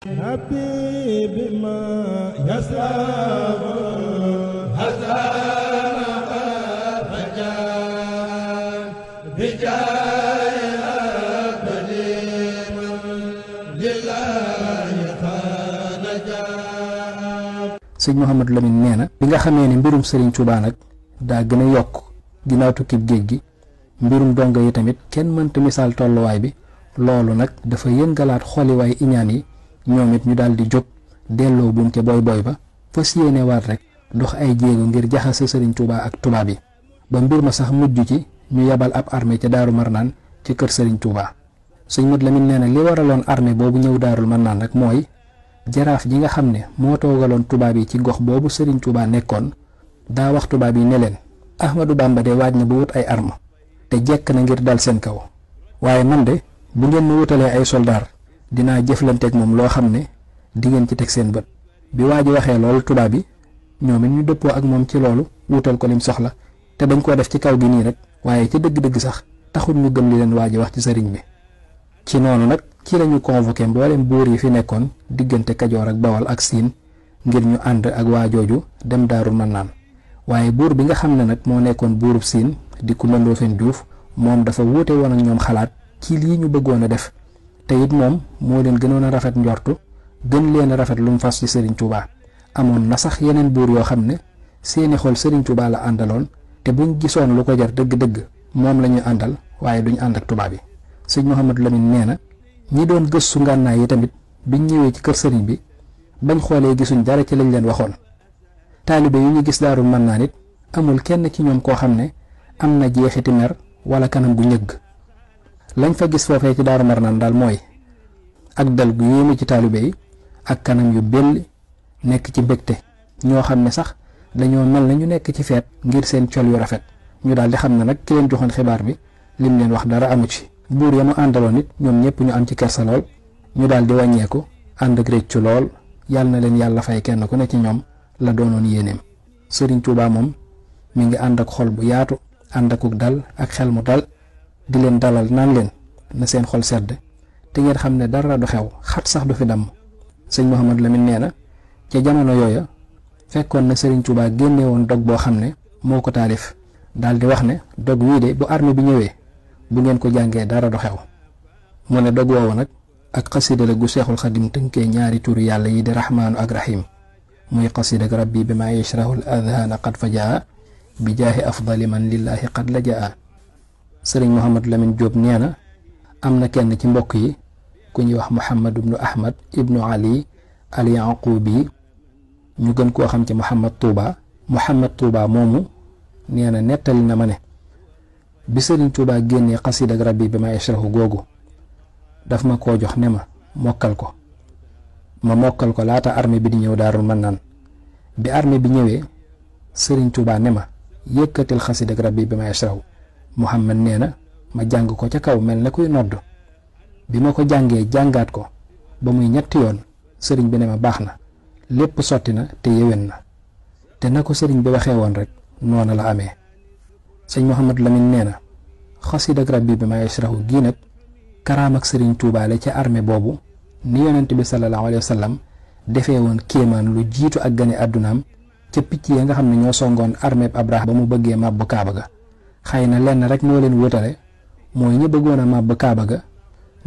sëñ Mouhamadou Lamine nee na bi nga xamee ne mbirum Serigne Touba nag daa gën a yokk ginnaaw tukkib géej gi mbirum dongo yi tamit kenn mënta misaal tolluwaay bi loolu nag dafa yëngalaat xooliwaay iñaan yi ñoom ñu daldi di delo delo bunte boy boy ba fasiyene yéene rek ndox ay jéego ngir jaxase serigne touba ak touba bi ba mbir ma sax mujju ci ñu yabal ab armée ci daru marnan ci kër serigne touba serigne mot lamine neena li waralon armée bobu ñew daarul marnan rek moy jaraaf gi nga xamne mo togalon touba bi ci gox bobu serigne touba nekkon da wax touba bi ne len ahmadu bamba de wajna bu wut ay arme te jek na ngir dal sen kaw waye man de bu ngeen ay dina jëflanteeg ak mom lo ne di ngeen ci tek seen bët bi waji ji waxee tuba bi ñoom ñu dëppoo ak mom ci loolu wutal ko lim soxla te dañ ko def ci kaw gi ni rek waaye ci dëgg-dëgg sax taxul ñu gëm li leen waji wax ci sëriñ bi ci nonu nak ci lañu convoqué mbooleem buur yi fi nekkoon ak bawal ak ngir ñu and ak waa dem daaru nanan waaye bur bi nga xam nak mo nekkon nekkoon buurub di ku nando fen juuf mom dafa wuté won ak ñoom xalaat ci li ñu bëggoon def te it moom moo leen gënoon a rafet njortu gën leen a rafet lum fas ci Serigne Touba amoon na sax yeneen buur yoo xam ne seeni xool Serigne Touba la àndaloon te buñ gisoon lu ko jar dëgg-dëgg moom la ñuy àndal waaye duñu ànd ak tubaab yi sëñ Mouhamadou Lamine nee na ñi doon gëstu ngànnaay yi tamit biñ ñëwee ci kër sëriñ bi bañ xoolee gisuñu dara ci lañ leen waxoon taalibe yu ñu gis daarul mën naa nit amul kenn ci ñoom koo xam ne am na jeexiti mer wala kanam gu ñëgg lañ fa gis foofee ci daaru marnaan daal mooy ak dal gu yéeme ci taalibe yi ak kanam yu bell nekk ci mbégte ñoo xam ne sax dañoo mel na ñu nekk ci feet ngir seen col yu rafet ñu daal di xam ne nag ki leen joxoon xibaar bi lim leen wax dara amu ci buur ya mu ñoom ñëpp ñu am ci kersa lool ñu daal di wàññeeku ànd ak rëccu lool yàlla na leen yàlla fay kenn ku ne ci ñoom la doonoon yéeneem Serigne Touba moom mu ngi ànd ak xol bu yaatu ànd akuk dal ak xel mu dal. di leen dalal naan leen na seen xol sedd te ngeen xam ne dara du xew xat sax du fi damm sëñ Mouhamad Lamine nee na ca jamono yooya fekkoon na sëriñ Touba génne woon dog boo xam ne moo ko taalif daal di wax ne dog wii de bu armée bi ñëwee bu ngeen ko jàngee dara du xew mu ne dog woowu nag ak xasida la gu seexul xadim tënkee ñaari turu yàlla yi di rahmaanu ak rahim muy xasida ak rabbi bi maa yashrahu al adhana qad fajaa bi jaahi afdali man lillahi qad sëriñ Mouhamad Lamine Diop nee na am na kenn ci mbokk yi ku ñuy wax Mouhamad ibnu Ahmad ibnu Ali al bii ñu gën koo xam ci Mouhamad Touba Mouhamad tuuba moomu nee na nettali na ma ne bi sëriñ Touba génnee xasiid ak rabbi bi ma yashrahu googu daf ma ko jox ne ma mokkal ko ma mokkal ko laata armée bi di ñëw daarul man naan bi armée bi ñëwee sëriñ Touba ne ma yëkkatil xasiid ak rabbi bi ma yashrahu Muhammad nena na ma jang ko ca kaw melne kuy nodd bi benema ko jàngee jàngaat ko ba muy ñett yoon serigne bi ne ma baxna lepp soti na te yewen na te nako serigne bi waxe won rek nona la amé serigne Muhammad Lamin nena na rabbi bima ma ginak karam ak serigne touba sëriñ ci armée bobu ni yonent bi sallallahu alayhi wasallam sallam won kéman lu jitu ak gané àddunaam ci picc ya nga xamné ño songone armée ba mu bëggé mabbu kaaba ga xëy na lenn rek moo leen wutale mooy ñi bëggoon a màbb kaaba ga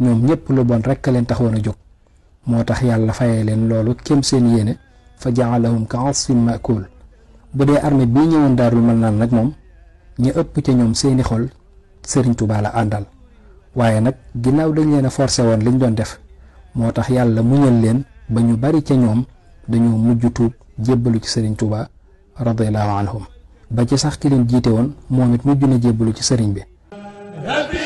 ñoom ñëpp lu bon rek leen taxoon a jóg moo tax yàlla fayee leen loolu kem seen yéene fa jaalahum ka asfin makul bu dee armée bii ñëwoon daarul mën naan nag moom ñi ëpp ca ñoom seeni xol sëriñ Tuubaa la àndal waaye nag ginnaaw dañ leen a forcé woon liñ doon def moo tax yàlla muñal leen ba ñu bari ca ñoom dañoo mujj tuub jébbalu ci sëriñ Tuubaa radiyallaahu anhum ba ci sax ki leen jiite woon moom it mujj na jébbalu ci sëriñ bi